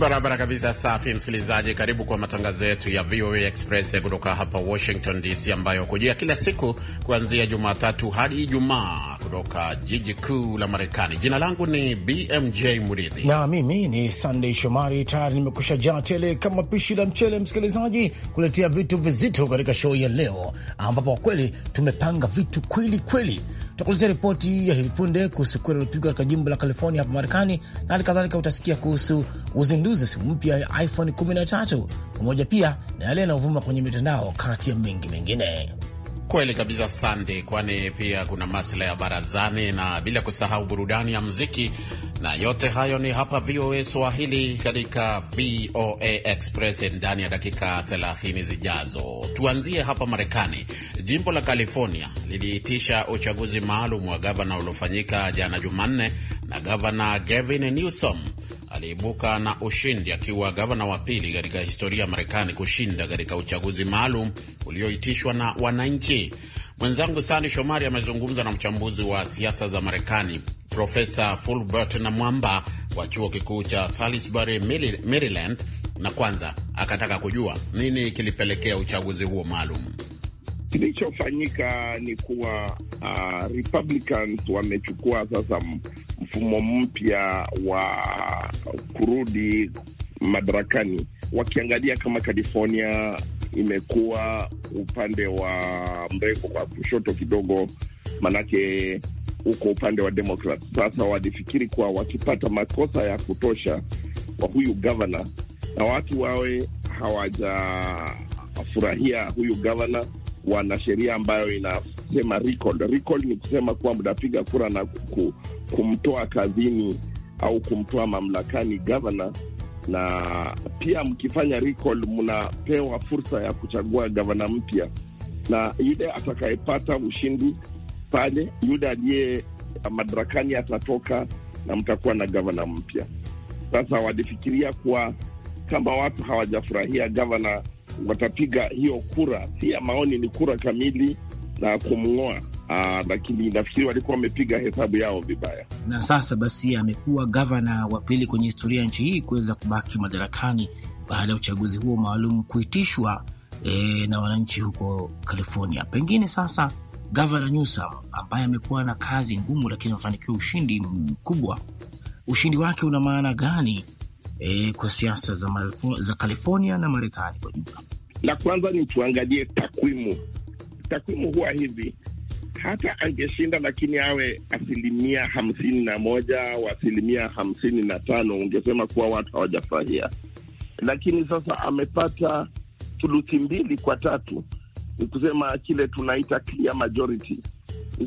Barabara kabisa, safi msikilizaji, karibu kwa matangazo yetu ya VOA Express kutoka hapa Washington DC, ambayo kujia kila siku kuanzia Jumatatu hadi Ijumaa kutoka jiji kuu la Marekani. Jina langu ni BMJ Muridhi na mimi ni Sandey Shomari. Tayari nimekusha jaa tele kama pishi la mchele, msikilizaji, kuletea vitu vizito katika show ya leo, ambapo kwa kweli tumepanga vitu kweli kweli Tutakuletea ripoti ya hivi punde kuhusu kura iliopigwa katika jimbo la California hapa Marekani, na hali kadhalika utasikia kuhusu uzinduzi wa simu mpya ya iPhone 13 pamoja pia na yale yanayovuma kwenye mitandao, kati ya mengi mengine. Kweli kabisa, sande, kwani pia kuna masuala ya barazani na bila kusahau burudani ya muziki, na yote hayo ni hapa VOA Swahili katika VOA Express ndani ya dakika 30 zijazo. Tuanzie hapa Marekani. Jimbo la California liliitisha uchaguzi maalum wa gavana uliofanyika jana Jumanne na gavana Gavin Newsom aliibuka na ushindi akiwa gavana wa pili katika historia ya Marekani kushinda katika uchaguzi maalum ulioitishwa na wananchi. Mwenzangu Sani Shomari amezungumza na mchambuzi wa siasa za Marekani Profesa Fulbert na Mwamba wa chuo kikuu cha Salisbury, Maryland, na kwanza akataka kujua nini kilipelekea uchaguzi huo maalum. Kilichofanyika ni kuwa uh, Republicans wamechukua sasa mfumo mpya wa kurudi madarakani, wakiangalia kama California imekuwa upande wa mrengo wa kushoto kidogo, manake uko upande wa Demokrat. Sasa walifikiri kuwa wakipata makosa ya kutosha kwa huyu gavana na watu wawe hawajafurahia huyu gavana wana sheria ambayo inasema recall. Recall ni kusema kuwa mnapiga kura na kumtoa kazini au kumtoa mamlakani gavana, na pia mkifanya recall mnapewa fursa ya kuchagua gavana mpya, na yule atakayepata ushindi pale, yule aliye madarakani atatoka na mtakuwa na gavana mpya. Sasa walifikiria kuwa kama watu hawajafurahia gavana watapiga hiyo kura, si ya maoni, ni kura kamili na kumng'oa. Aa, ah, lakini nafikiri walikuwa wamepiga hesabu yao vibaya, na sasa basi amekuwa gavana wa pili kwenye historia ya nchi hii kuweza kubaki madarakani baada ya uchaguzi huo maalum kuitishwa e, na wananchi huko California. Pengine sasa gavana Newsom ambaye amekuwa na kazi ngumu, lakini amefanikiwa ushindi mkubwa, ushindi wake una maana gani e, kwa siasa za, za California na Marekani kwa jumla? La kwanza ni tuangalie takwimu. Takwimu huwa hivi, hata angeshinda lakini awe asilimia hamsini na moja au asilimia hamsini na tano ungesema kuwa watu hawajafurahia, lakini sasa amepata thuluthi mbili kwa tatu, ni kusema kile tunaita clear majority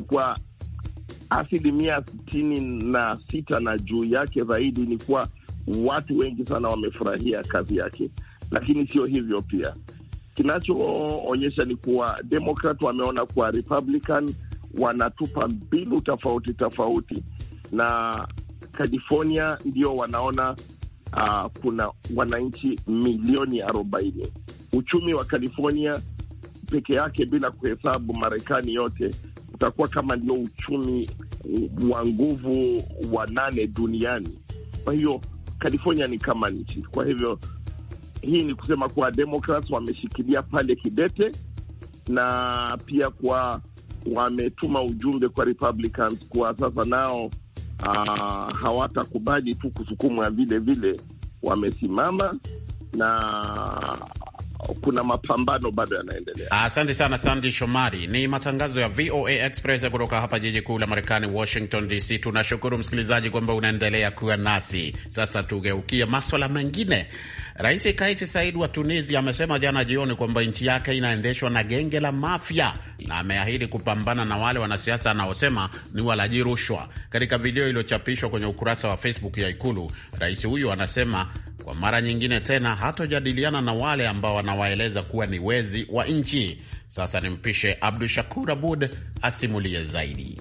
kwa asilimia sitini na sita na juu yake zaidi, ni kuwa watu wengi sana wamefurahia kazi yake, lakini sio hivyo pia. Kinachoonyesha ni kuwa Demokrat wameona kuwa Republican wanatupa mbinu tofauti tofauti, na California ndio wanaona uh, kuna wananchi milioni arobaini. Uchumi wa California peke yake bila kuhesabu Marekani yote utakuwa kama ndio uchumi wa nguvu wa nane duniani. Kwa hiyo California ni kama nchi. Kwa hivyo hii ni kusema kuwa Democrats wameshikilia pale kidete, na pia kwa wametuma ujumbe kwa Republicans kuwa sasa nao uh, hawatakubali tu kusukumwa vile vile, wamesimama na kuna mapambano bado yanaendelea. Asante sana Sandi Shomari. Ni matangazo ya VOA Express kutoka hapa jiji kuu la Marekani, Washington DC. Tunashukuru msikilizaji kwamba unaendelea kuwa nasi. Sasa tugeukie maswala mengine. Rais Kais Said wa Tunisia amesema jana jioni kwamba nchi yake inaendeshwa na genge la mafia na ameahidi kupambana na wale wanasiasa anaosema ni walaji rushwa. Katika video iliyochapishwa kwenye ukurasa wa Facebook ya Ikulu, rais huyo anasema kwa mara nyingine tena hatojadiliana na wale ambao wanawaeleza kuwa ni wezi wa nchi. Sasa nimpishe Abdu Shakur Abud asimulie zaidi.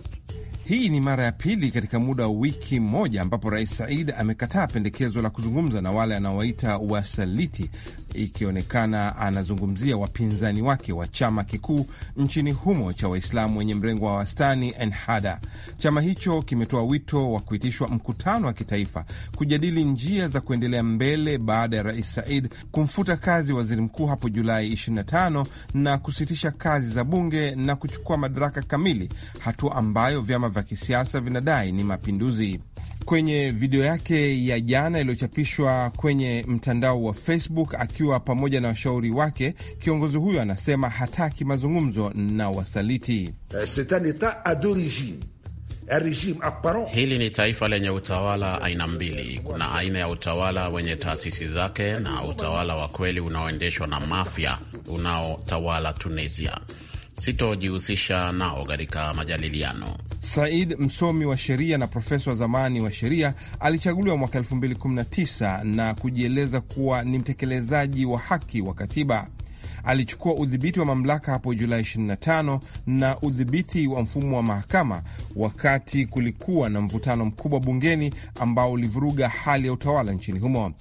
Hii ni mara ya pili katika muda wa wiki moja ambapo Rais Said amekataa pendekezo la kuzungumza na wale anaowaita wasaliti ikionekana anazungumzia wapinzani wake wa chama kikuu nchini humo cha Waislamu wenye mrengo wa wastani Ennahda. Chama hicho kimetoa wito wa kuitishwa mkutano wa kitaifa kujadili njia za kuendelea mbele baada ya Rais Said kumfuta kazi waziri mkuu hapo Julai 25 na kusitisha kazi za bunge na kuchukua madaraka kamili, hatua ambayo vyama vya kisiasa vinadai ni mapinduzi kwenye video yake ya jana iliyochapishwa kwenye mtandao wa Facebook akiwa pamoja na washauri wake, kiongozi huyo anasema hataki mazungumzo na wasaliti. Eh, Hili ni taifa lenye utawala aina mbili. Kuna aina ya utawala wenye taasisi zake na utawala wa kweli unaoendeshwa na mafia unaotawala Tunisia sitojihusisha nao katika majadiliano. Said, msomi wa sheria na profesa wa zamani wa sheria, alichaguliwa mwaka 2019 na kujieleza kuwa ni mtekelezaji wa haki wa katiba alichukua udhibiti wa mamlaka hapo Julai 25 na udhibiti wa mfumo wa mahakama, wakati kulikuwa na mvutano mkubwa bungeni ambao ulivuruga hali ya utawala nchini humo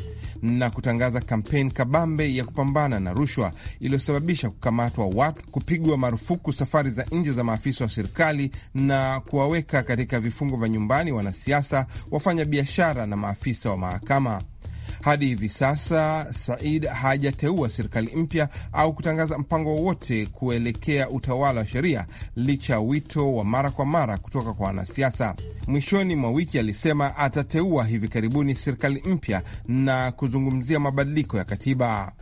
na kutangaza kampeni kabambe ya kupambana na rushwa iliyosababisha kukamatwa watu, kupigwa marufuku safari za nje za maafisa wa serikali na kuwaweka katika vifungo vya nyumbani wanasiasa, wafanyabiashara na maafisa wa mahakama. Hadi hivi sasa Said hajateua serikali mpya au kutangaza mpango wowote kuelekea utawala wa sheria licha ya wito wa mara kwa mara kutoka kwa wanasiasa. Mwishoni mwa wiki alisema atateua hivi karibuni serikali mpya na kuzungumzia mabadiliko ya katiba.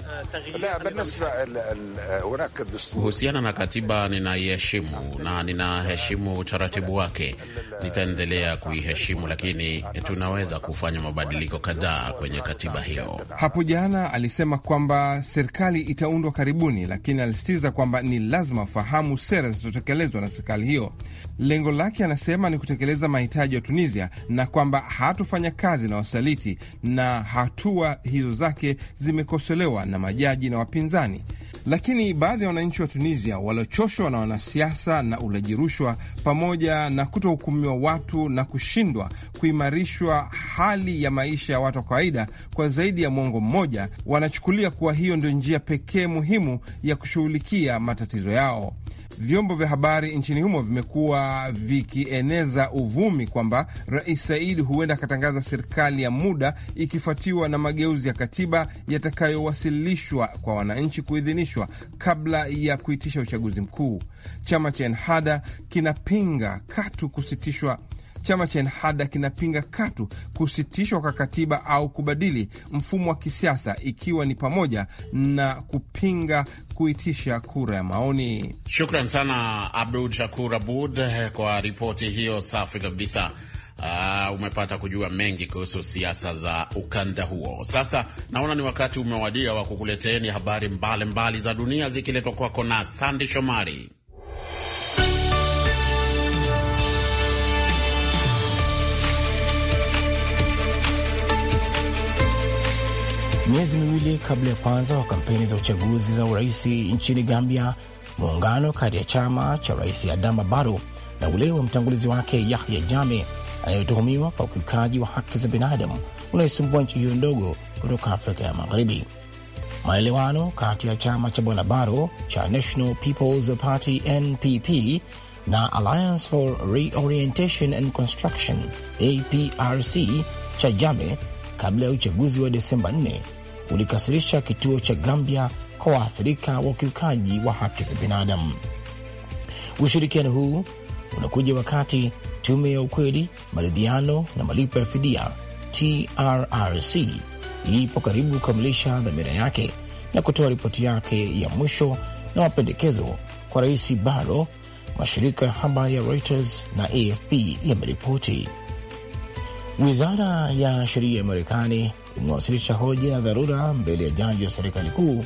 Kuhusiana na katiba, ninaiheshimu na ninaheshimu utaratibu wake, nitaendelea kuiheshimu, lakini tunaweza kufanya mabadiliko kadhaa kwenye katiba katiba hiyo. Hapo jana alisema kwamba serikali itaundwa karibuni, lakini alisitiza kwamba ni lazima wafahamu sera zitotekelezwa na serikali hiyo. Lengo lake, anasema, ni kutekeleza mahitaji ya Tunisia na kwamba hatufanya kazi na wasaliti, na hatua hizo zake zimekosolewa na majaji na wapinzani. Lakini baadhi ya wananchi wa Tunisia waliochoshwa na wanasiasa na ulaji rushwa pamoja na kutohukumiwa watu na kushindwa kuimarishwa hali ya maisha ya watu wa kawaida kwa zaidi ya mwongo mmoja, wanachukulia kuwa hiyo ndio njia pekee muhimu ya kushughulikia matatizo yao vyombo vya habari nchini humo vimekuwa vikieneza uvumi kwamba Rais saidi huenda akatangaza serikali ya muda ikifuatiwa na mageuzi ya katiba yatakayowasilishwa kwa wananchi kuidhinishwa kabla ya kuitisha uchaguzi mkuu. Chama cha Ennahda kinapinga katu kusitishwa Chama cha Ennahda kinapinga katu kusitishwa kwa katiba au kubadili mfumo wa kisiasa, ikiwa ni pamoja na kupinga kuitisha kura ya maoni. Shukran sana Abdul Shakur Abud kwa ripoti hiyo safi kabisa. Uh, umepata kujua mengi kuhusu siasa za ukanda huo. Sasa naona ni wakati umewadia wa kukuleteeni habari mbalimbali mbali za dunia zikiletwa kwako na Sandi Shomari. miezi miwili kabla ya kwanza kwa kampeni za uchaguzi za urais nchini Gambia. Muungano kati ya chama cha rais Adama Barrow na ule wa mtangulizi wake Yahya Jammeh anayetuhumiwa kwa ukiukaji wa haki za binadamu unaisumbua nchi hiyo ndogo kutoka Afrika ya Magharibi. Maelewano kati ya chama cha bwana Baro cha National People's Party NPP na Alliance for Reorientation and Construction APRC cha jame kabla ya uchaguzi wa Desemba 4 ulikasirisha kituo cha Gambia kwa waathirika wa ukiukaji wa haki za binadamu. Ushirikiano huu unakuja wakati tume ya ukweli, maridhiano na malipo ya fidia TRRC ipo karibu kukamilisha dhamira yake na kutoa ripoti yake ya mwisho na mapendekezo kwa Rais Barrow, mashirika ya habari ya Reuters na AFP yameripoti. Wizara ya sheria ya Marekani imewasilisha hoja ya dharura mbele ya jaji wa serikali kuu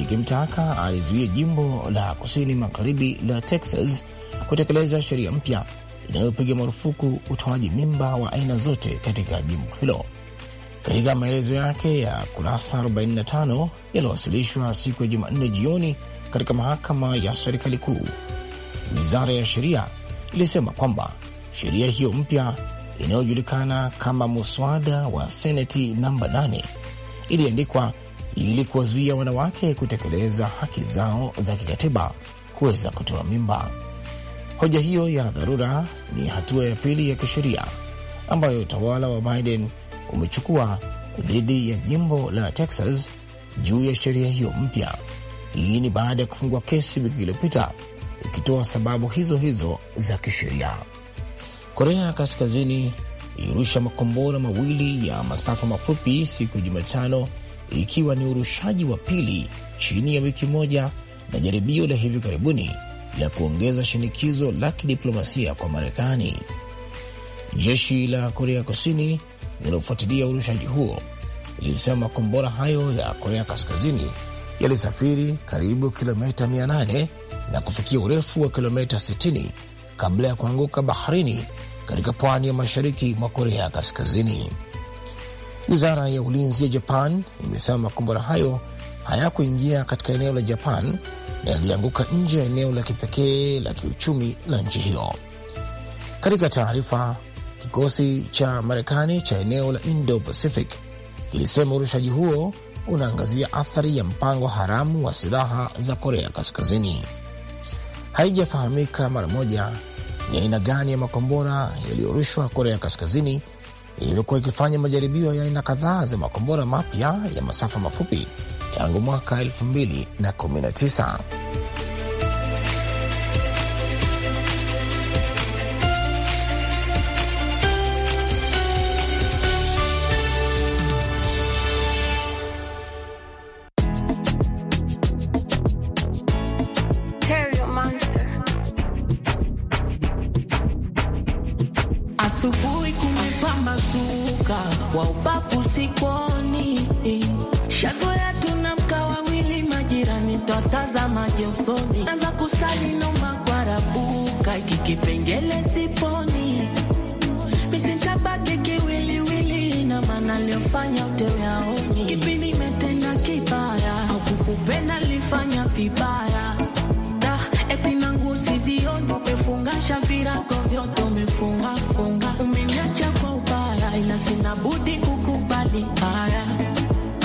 ikimtaka alizuie jimbo la kusini magharibi la Texas kutekeleza sheria mpya inayopiga marufuku utoaji mimba wa aina zote katika jimbo hilo. Katika maelezo yake ya kurasa 45 yaliyowasilishwa siku ya Jumanne jioni katika mahakama ya serikali kuu, wizara ya sheria ilisema kwamba sheria hiyo mpya inayojulikana kama muswada wa seneti namba 8 iliandikwa ili kuwazuia wanawake kutekeleza haki zao za kikatiba kuweza kutoa mimba. Hoja hiyo ya dharura ni hatua ya pili ya kisheria ambayo utawala wa Biden umechukua dhidi ya jimbo la Texas juu ya sheria hiyo mpya. Hii ni baada ya kufungua kesi wiki iliyopita ikitoa sababu hizo hizo za kisheria. Korea Kaskazini ilirusha makombora mawili ya masafa mafupi siku ya Jumatano, ikiwa ni urushaji wa pili chini ya wiki moja na jaribio la hivi karibuni la kuongeza shinikizo la kidiplomasia kwa Marekani. Jeshi la Korea Kusini linalofuatilia urushaji huo lilisema makombora hayo ya Korea Kaskazini yalisafiri karibu kilomita 800 na kufikia urefu wa kilomita kabla ya kuanguka baharini katika pwani ya mashariki mwa Korea Kaskazini. Wizara ya ulinzi ya Japan imesema makombora hayo hayakuingia katika eneo la Japan na yalianguka nje ya eneo la kipekee la kiuchumi la nchi hiyo. Katika taarifa, kikosi cha Marekani cha eneo la Indo Pacific kilisema urushaji huo unaangazia athari ya mpango haramu wa silaha za Korea Kaskazini. Haijafahamika mara moja ni aina gani ya makombora yaliyorushwa Korea Kaskazini ilivyokuwa ikifanya majaribio ya aina kadhaa za makombora mapya ya masafa mafupi tangu mwaka 2019. aliofanya uteweaoni kipi nimetenda kibaya au kukupenda lifanya vibaya da eti na nguo sizioni umefungasha virago vyote umefungafunga umeniacha kwa ubaya ina sina budi kukubali haya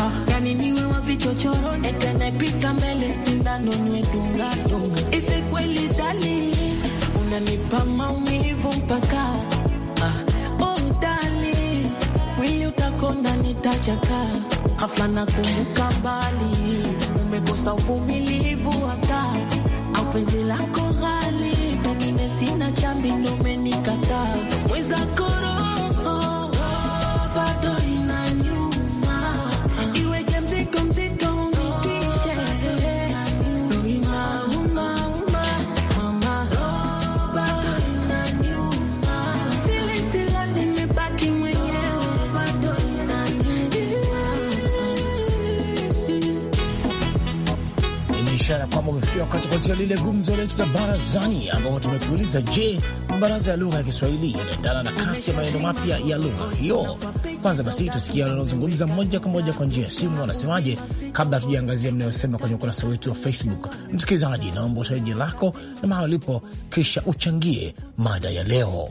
ah, yani niwe wa vichochoroni etenepita mbele sindano niwe dungadunga ife kweli dali unanipa maumivu mpaka yako ndani tachakaa, ghafla na kumbuka, umekosa uvumilivu hata au penzi lako ghali, pengine sina chambi, ndo umenikataa mwenzako wakati katika lile gumzo letu la barazani, ambapo tumekuuliza, je, mabaraza ya lugha ya Kiswahili yanaendana na kasi ya maneno mapya ya lugha hiyo? Kwanza basi tusikia wanaozungumza moja kwa moja kwa njia ya simu wanasemaje, kabla hatujaangazia mnayosema kwenye ukurasa wetu wa Facebook. Msikilizaji, naomba utaje lako na mahali ulipo, kisha uchangie mada ya leo.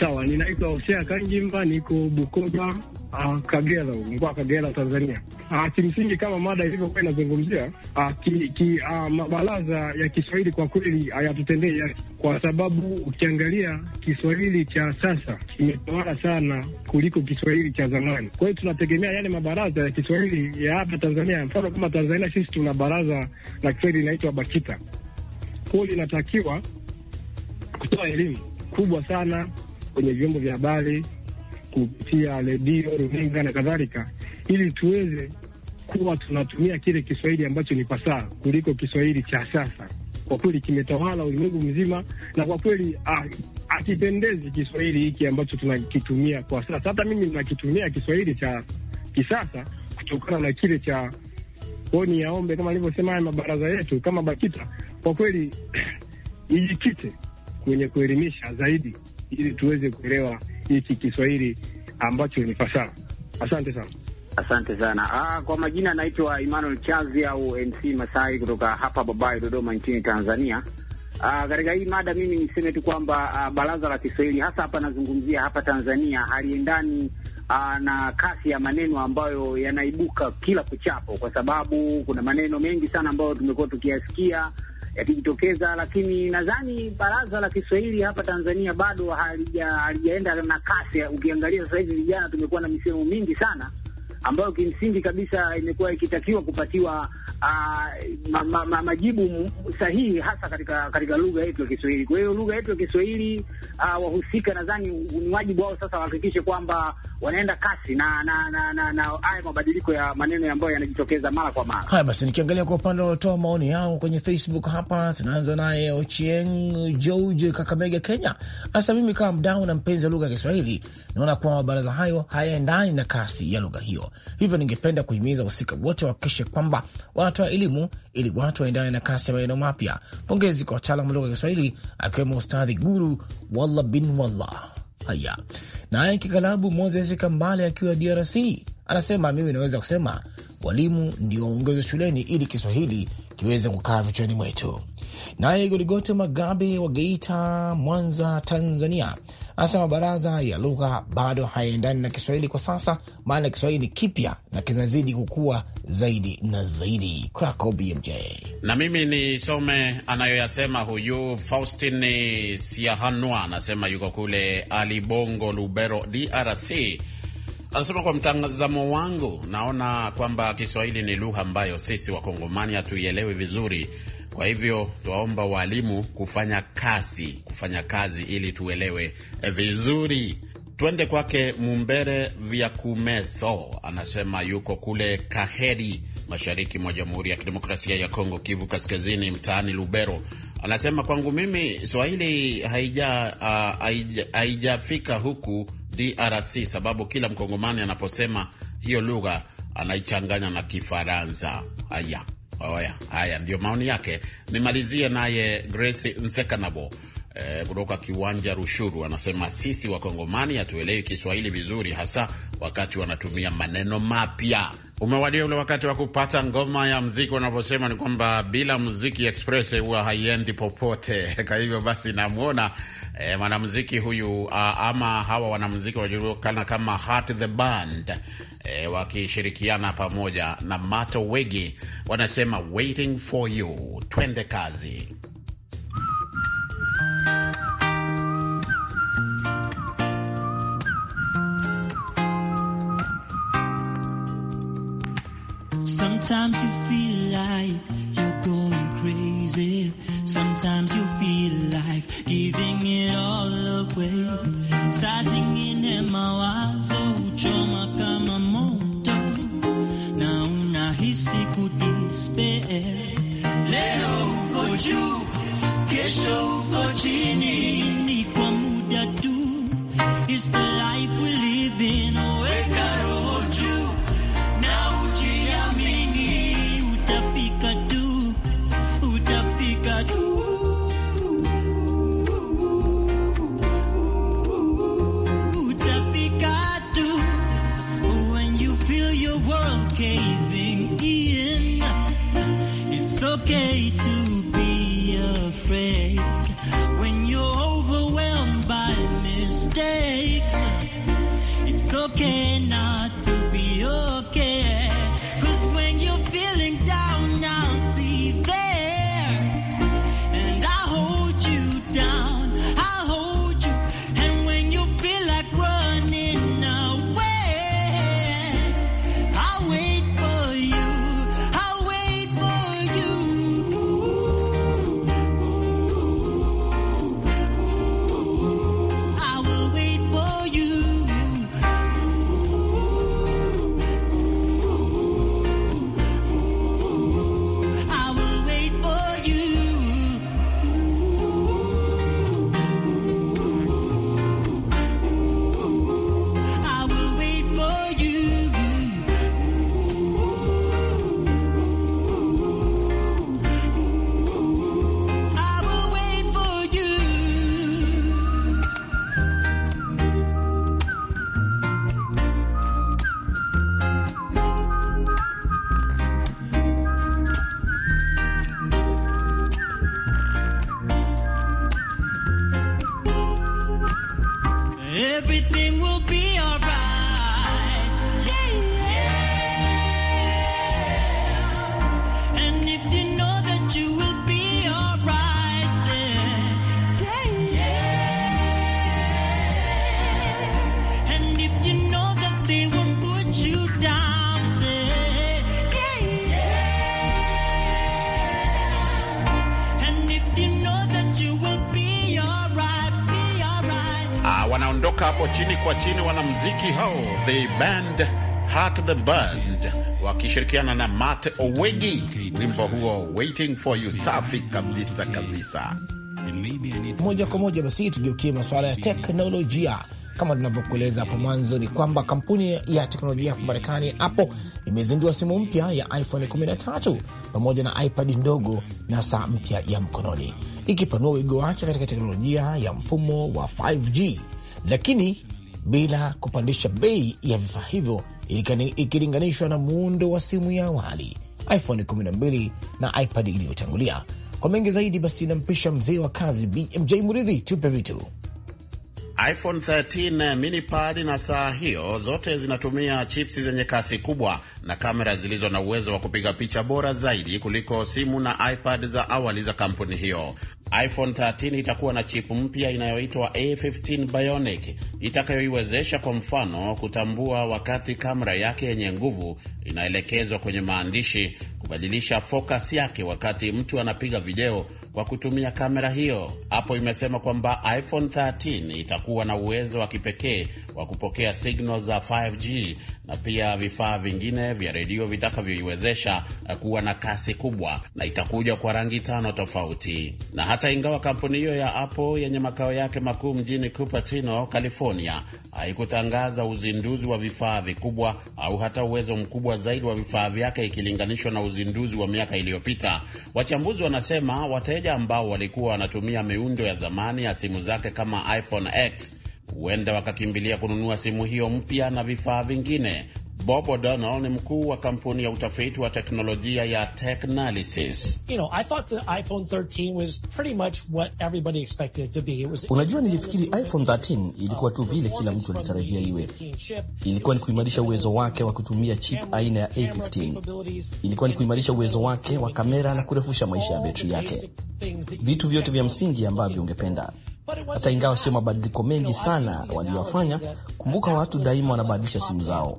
Sawa, ninaitwa Hosea Kanjimba, niko Bukoba, uh, Kagera, mkoa wa Kagera, Tanzania. Uh, kimsingi kama mada ilivyokuwa inazungumzia uh, ki, ki, uh, mabaraza ya Kiswahili kwa kweli hayatutendei uh, kwa sababu ukiangalia Kiswahili cha sasa kimetawala sana kuliko Kiswahili cha zamani. Kwa hiyo tunategemea yale mabaraza ya Kiswahili ya hapa Tanzania. Mfano kama Tanzania sisi tuna baraza la Kiswahili linaitwa BAKITA, kwao linatakiwa kutoa elimu kubwa sana kwenye vyombo vya habari kupitia redio, runinga na kadhalika, ili tuweze kuwa tunatumia kile Kiswahili ambacho ni fasaha kuliko Kiswahili cha sasa. Kwa kweli kimetawala ulimwengu mzima, na kwa kweli ah, hakipendezi Kiswahili hiki ambacho tunakitumia kwa sasa. Hata mimi nakitumia Kiswahili cha kisasa kutokana na kile cha oni yaombe kama alivyosema haya mabaraza yetu kama BAKITA kwa kweli ijikite kwenye kuelimisha zaidi ili tuweze kuelewa hiki Kiswahili ambacho ni fasaha. Asante sana. Asante sana. Ah, kwa majina anaitwa Emmanuel Chazi au MC Masai kutoka hapa Babai, Dodoma nchini Tanzania. Ah, katika hii mada mimi niseme tu kwamba ah, baraza la Kiswahili hasa hapa nazungumzia hapa Tanzania haliendani ah, na kasi ya maneno ambayo yanaibuka kila kuchapo, kwa sababu kuna maneno mengi sana ambayo tumekuwa tukiyasikia yakijitokeza lakini nadhani baraza la Kiswahili hapa Tanzania bado halijaenda na kasi. Ukiangalia sasa hivi vijana tumekuwa na misemo mingi sana ambayo kimsingi kabisa imekuwa ikitakiwa kupatiwa uh, ma, ma, ma, majibu sahihi hasa katika katika lugha yetu ya Kiswahili. Kwa hiyo lugha yetu ya Kiswahili uh, wahusika nadhani ni wajibu wao sasa wahakikishe kwamba wanaenda kasi na na na, na, na haya mabadiliko ya maneno ambayo yanajitokeza mara kwa mara. Haya basi, nikiangalia kwa upande wanaotoa maoni yao kwenye Facebook hapa, tunaanza naye Ochieng George Kakamega, Kenya. Sasa mimi kama mdau na mpenzi wa lugha ya Kiswahili naona kwamba mabaraza hayo hayaendani na kasi ya lugha hiyo Hivyo ningependa kuhimiza wahusika wote wahakikishe kwamba wanatoa elimu ili watu waendane na kasi ya maeneo mapya. Pongezi kwa wataalam wa lugha ya Kiswahili akiwemo Ustadhi Guru walla bin walla Haya, naye kikalabu Moses Kambale akiwa DRC anasema mimi naweza kusema walimu ndio waongezwe shuleni ili Kiswahili kiweze kukaa vichwani mwetu. Naye Goligote Magabe wa Geita, Mwanza, Tanzania Anasema mabaraza ya lugha bado hayaendani na Kiswahili kwa sasa, maana Kiswahili ni kipya na kinazidi kukua zaidi na zaidi. Kwako BMJ. Na mimi nisome anayoyasema huyu Faustin Siahanwa, anasema yuko kule Alibongo, Lubero, DRC. Anasema kwa mtazamo wangu, naona kwamba Kiswahili ni lugha ambayo sisi Wakongomani hatuielewi vizuri kwa hivyo tuwaomba waalimu kufanya kazi, kufanya kazi ili tuelewe eh, vizuri. Twende kwake Mumbere Vyakumeso, anasema yuko kule Kaheri, mashariki mwa Jamhuri ya Kidemokrasia ya Kongo, Kivu Kaskazini, mtaani Lubero. Anasema kwangu mimi Swahili haija ah, haija, haijafika huku DRC sababu kila Mkongomani anaposema hiyo lugha anaichanganya na Kifaransa. Haya. Oya, oh, haya ndio maoni yake. Nimalizie naye Grace Nsekanabo e, kutoka kiwanja Rushuru anasema sisi Wakongomani hatuelewi Kiswahili vizuri, hasa wakati wanatumia maneno mapya. Umewadia ule wakati wa kupata ngoma ya mziki. Wanavyosema ni kwamba bila mziki express huwa haiendi popote. Kwa hivyo basi, namwona e, mwanamziki huyu a, ah, ama hawa wanamziki wajulikana kama Heart the Band e, wakishirikiana pamoja na Mato Wegi wanasema waiting for you. Twende kazi. Sometimes you feel like you're going crazy. Sometimes you feel like giving it all away. Sasa zingine mawazo choma kama moto na unahisi kudispea. Leo uko juu, kesho uko chini the band Heart the Band wakishirikiana na Matt Owegi, wimbo huo waiting for you. Safi kabisa kabisa. Moja kwa moja basi tugeukie masuala ya teknolojia. Kama tunavyokueleza hapo mwanzo, ni kwamba kampuni ya teknolojia ya Marekani ya Apple imezindua simu mpya ya iPhone 13 pamoja na iPad ndogo na saa mpya ya mkononi, ikipanua wigo wake katika teknolojia ya mfumo wa 5G lakini bila kupandisha bei ya vifaa hivyo ikilinganishwa na muundo wa simu ya awali iPhone 12 na iPad iliyotangulia. Kwa mengi zaidi, basi nampisha mzee wa kazi BMJ Muridhi, tupe vitu iPhone 13 eh, mini pad na saa hiyo zote zinatumia chipsi zenye kasi kubwa na kamera zilizo na uwezo wa kupiga picha bora zaidi kuliko simu na iPad za awali za kampuni hiyo. iPhone 13 itakuwa na chipu mpya inayoitwa A15 Bionic itakayoiwezesha kwa mfano kutambua wakati kamera yake yenye nguvu inaelekezwa kwenye maandishi, kubadilisha focus yake wakati mtu anapiga video kwa kutumia kamera hiyo. Hapo imesema kwamba iPhone 13 itakuwa na uwezo wa kipekee wa kupokea signal za 5G na pia vifaa vingine vya redio vitakavyoiwezesha eh, kuwa na kasi kubwa, na itakuja kwa rangi tano tofauti. Na hata ingawa kampuni hiyo ya Apple yenye makao yake makuu mjini Cupertino, California, haikutangaza uzinduzi wa vifaa vikubwa au hata uwezo mkubwa zaidi wa vifaa vyake ikilinganishwa na uzinduzi wa miaka iliyopita, wachambuzi wanasema wateja ambao walikuwa wanatumia miundo ya zamani ya simu zake kama iPhone X huenda wakakimbilia kununua simu hiyo mpya na vifaa vingine. Bob O'Donnell ni mkuu wa kampuni ya utafiti wa teknolojia ya Technalysis. You know, was... Unajua, nilifikiri iPhone 13 ilikuwa tu vile kila mtu alitarajia iwe. Ilikuwa ni kuimarisha uwezo wake wa kutumia chip aina ya A15. Ilikuwa ni kuimarisha uwezo wake wa kamera na kurefusha maisha ya betri yake, vitu vyote vya msingi ambavyo ungependa hata ingawa sio mabadiliko mengi sana waliyofanya, kumbuka watu daima wanabadilisha simu zao.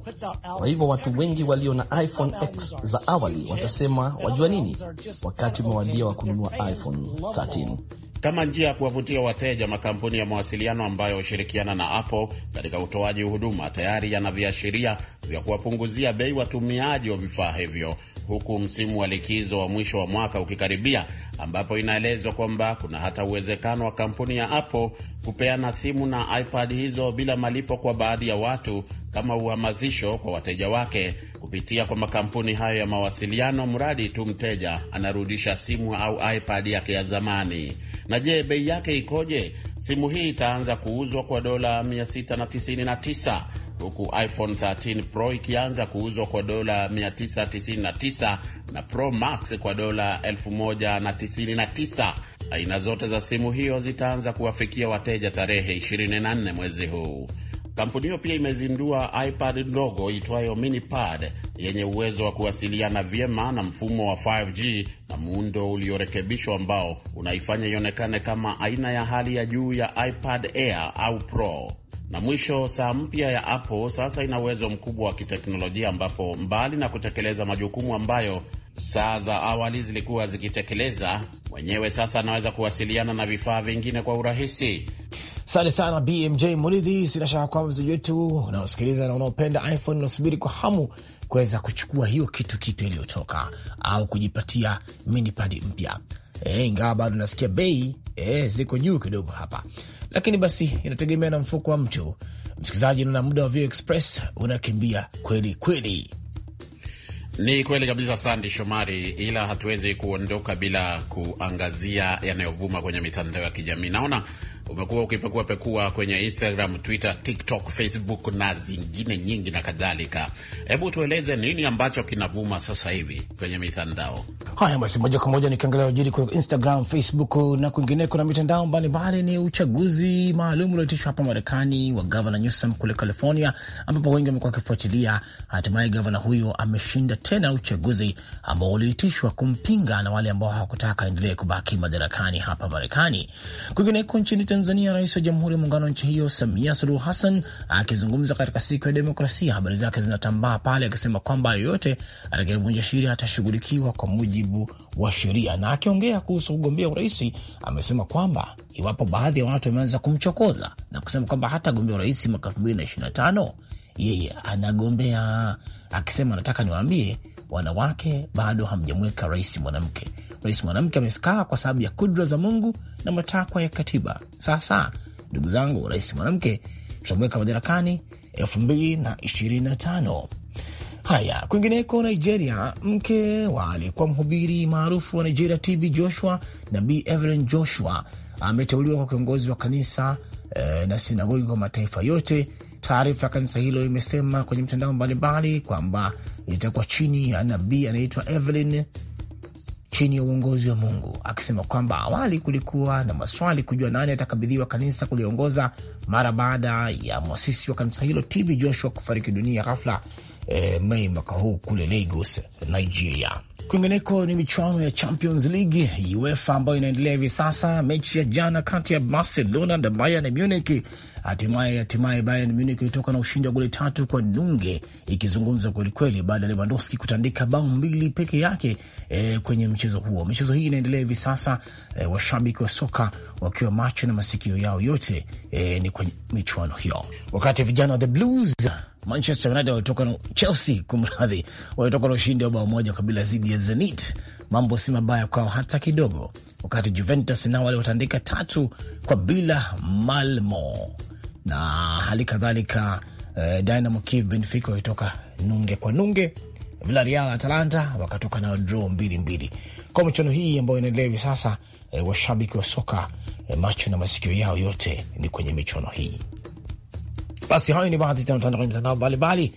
Kwa hivyo watu wengi walio na iPhone X za awali watasema wajua nini, wakati umewadia wa kununua iPhone 13 kama njia ya kuwavutia wateja. Makampuni ya mawasiliano ambayo hushirikiana na Apple katika utoaji huduma tayari yana viashiria vya kuwapunguzia bei watumiaji wa vifaa hivyo, huku msimu wa likizo wa mwisho wa mwaka ukikaribia, ambapo inaelezwa kwamba kuna hata uwezekano wa kampuni ya Apple kupeana simu na iPad hizo bila malipo kwa baadhi ya watu kama uhamasisho kwa wateja wake kupitia kwa makampuni hayo ya mawasiliano, mradi tu mteja anarudisha simu au iPad yake ya zamani. Na je, bei yake ikoje? Simu hii itaanza kuuzwa kwa dola 699 huku iPhone 13 Pro ikianza kuuzwa kwa dola 999 na Pro Max kwa dola 1099. Aina zote za simu hiyo zitaanza kuwafikia wateja tarehe 24 mwezi huu. Kampuni hiyo pia imezindua iPad ndogo itwayo MiniPad yenye uwezo wa kuwasiliana vyema na mfumo wa 5G na muundo uliorekebishwa ambao unaifanya ionekane kama aina ya hali ya juu ya iPad Air au Pro. Na mwisho, saa mpya ya Apple sasa ina uwezo mkubwa wa kiteknolojia ambapo mbali na kutekeleza majukumu ambayo saa za awali zilikuwa zikitekeleza, mwenyewe sasa anaweza kuwasiliana na vifaa vingine kwa urahisi. Asante sana BMJ Muridhi. Sina shaka kwamba mzaji wetu unaosikiliza na unaopenda iPhone unasubiri kwa hamu kuweza kuchukua hiyo kitu kipya iliyotoka au kujipatia minipad mpya. E, ingawa bado nasikia bei e, ziko juu kidogo hapa, lakini basi inategemea na mfuko wa mtu. Msikilizaji, naona muda wa Vio Express unakimbia kweli kweli. Ni kweli kabisa, Sandi Shomari, ila hatuwezi kuondoka bila kuangazia yanayovuma kwenye mitandao ya kijamii. Naona umekuwa ukipekua pekua kwenye Instagram, Twitter, TikTok, Facebook na zingine nyingi na kadhalika. Hebu tueleze nini ambacho kinavuma sasa hivi kwenye mitandao haya? Basi moja kwa moja nikiangalia ujiri kwa Instagram, Facebook na kwingineko na mitandao mbalimbali, ni uchaguzi maalum ulioitishwa hapa Marekani wa gavana Newsom kule California, ambapo wengi wamekuwa wakifuatilia. Hatimaye gavana huyo ameshinda tena uchaguzi ambao uliitishwa kumpinga na wale ambao hawakutaka aendelee kubaki madarakani hapa Marekani. Kwingineko nchini Tanzania, rais wa Jamhuri ya Muungano wa nchi hiyo Samia Suluhu Hassan akizungumza katika siku ya demokrasia, habari zake zinatambaa pale, akisema kwamba yoyote atakayevunja sheria atashughulikiwa kwa mujibu wa sheria. Na akiongea kuhusu kugombea urais, amesema kwamba iwapo baadhi ya watu wameanza kumchokoza na kusema kwamba hatagombea urais mwaka elfu mbili na ishirini na tano, yeye anagombea, akisema anataka niwaambie wanawake bado hamjamweka rais mwanamke. Rais mwanamke amekaa kwa sababu ya kudra za Mungu na matakwa ya katiba. Sasa ndugu zangu, rais mwanamke tutamweka madarakani elfu mbili na ishirini na tano. Haya, kwingineko, Nigeria, mke wa aliyekuwa mhubiri maarufu wa Nigeria TB Joshua na B Evelyn Joshua ameteuliwa kwa kiongozi wa kanisa eh, na sinagogi kwa mataifa yote Taarifa ya kanisa hilo limesema kwenye mitandao mbalimbali kwamba itakuwa chini ya nabii anaitwa Evelyn chini ya uongozi wa Mungu, akisema kwamba awali kulikuwa na maswali kujua nani atakabidhiwa kanisa kuliongoza mara baada ya mwasisi wa kanisa hilo TB Joshua kufariki dunia ghafla eh, Mei mwaka huu kule Lagos, Nigeria. Kwingineko ni michuano ya Champions League UEFA ambayo inaendelea hivi sasa. Mechi ya jana kati ya Barcelona na Bayern Munich, hatimaye hatimaye Bayern Munich ilitoka na ushindi wa goli tatu kwa nunge, ikizungumza kwelikweli baada ya Lewandowski kutandika bao mbili peke yake e, kwenye mchezo huo. Michezo hii inaendelea hivi sasa e, washabiki wa soka wakiwa macho na masikio yao yote e, ni kwenye michuano hiyo, wakati vijana wa the Blues Manchester United walitoka na Chelsea, kumradhi, walitoka na ushindi wa bao moja bila zidi ya Zenit. Mambo si mabaya kwao hata kidogo, wakati Juventus nao waliwatandika tatu kwa bila Malmo na hali kadhalika eh, Dynamo Kiev Benfica walitoka nunge kwa nunge. Villarreal Atalanta wakatoka nao draw mbili mbili. Kwa michuano hii ambayo inaendelea hivi sasa, eh, washabiki wa soka eh, macho na masikio yao yote ni kwenye michuano hii. Basi hayo ni baadhi tanotanda kwenye mitandao mbalimbali.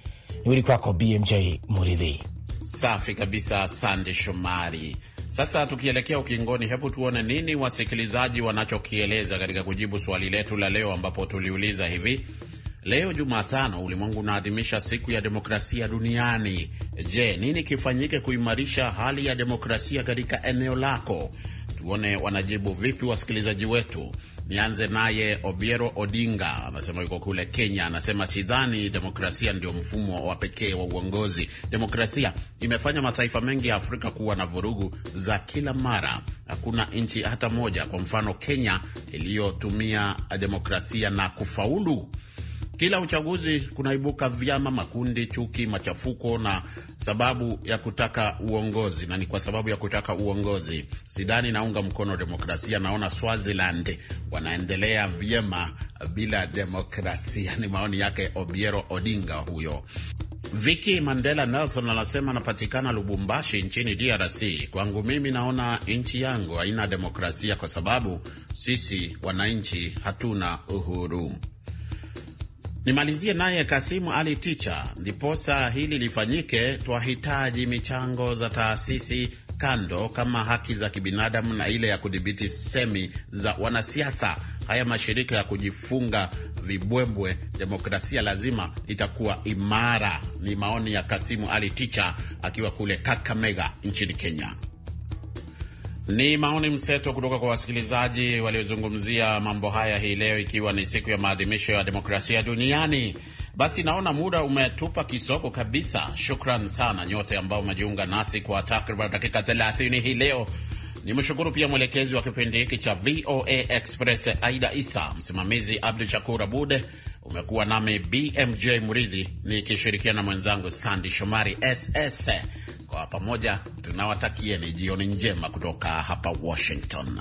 wili kwako BMJ Muridhi. Safi kabisa, sande Shomari. Sasa tukielekea ukingoni, hebu tuone nini wasikilizaji wanachokieleza katika kujibu swali letu la leo, ambapo tuliuliza hivi: leo Jumatano ulimwengu unaadhimisha siku ya demokrasia duniani. Je, nini kifanyike kuimarisha hali ya demokrasia katika eneo lako? Tuone wanajibu vipi wasikilizaji wetu. Nianze naye Obiero Odinga, anasema yuko kule Kenya. Anasema sidhani demokrasia ndio mfumo wa pekee wa uongozi. Demokrasia imefanya mataifa mengi ya Afrika kuwa na vurugu za kila mara. Hakuna nchi hata moja, kwa mfano Kenya, iliyotumia demokrasia na kufaulu. Kila uchaguzi kunaibuka vyama, makundi, chuki, machafuko na sababu ya kutaka uongozi, na ni kwa sababu ya kutaka uongozi. Sidani naunga mkono demokrasia, naona Swaziland wanaendelea vyema bila demokrasia. Ni maoni yake Obiero Odinga huyo. Viki Mandela Nelson anasema anapatikana Lubumbashi nchini DRC. Kwangu mimi naona nchi yangu haina demokrasia kwa sababu sisi wananchi hatuna uhuru. Nimalizie naye Kasimu Ali Ticha. Ndiposa hili lifanyike, twahitaji michango za taasisi kando kama haki za kibinadamu na ile ya kudhibiti semi za wanasiasa. Haya mashirika ya kujifunga vibwebwe, demokrasia lazima itakuwa imara. Ni maoni ya Kasimu Ali Ticha akiwa kule Kakamega nchini Kenya. Ni maoni mseto kutoka kwa wasikilizaji waliozungumzia mambo haya hii leo, ikiwa ni siku ya maadhimisho ya demokrasia duniani. Basi naona muda umetupa kisogo kabisa. Shukran sana nyote ambao umejiunga nasi kwa takriban dakika 30 hii leo. Nimshukuru pia mwelekezi wa kipindi hiki cha VOA Express Aida Isa, msimamizi Abdu Shakur Abude. Umekuwa nami BMJ mridhi nikishirikiana na mwenzangu Sandi Shomari ss kwa pamoja tunawatakieni jioni njema kutoka hapa Washington.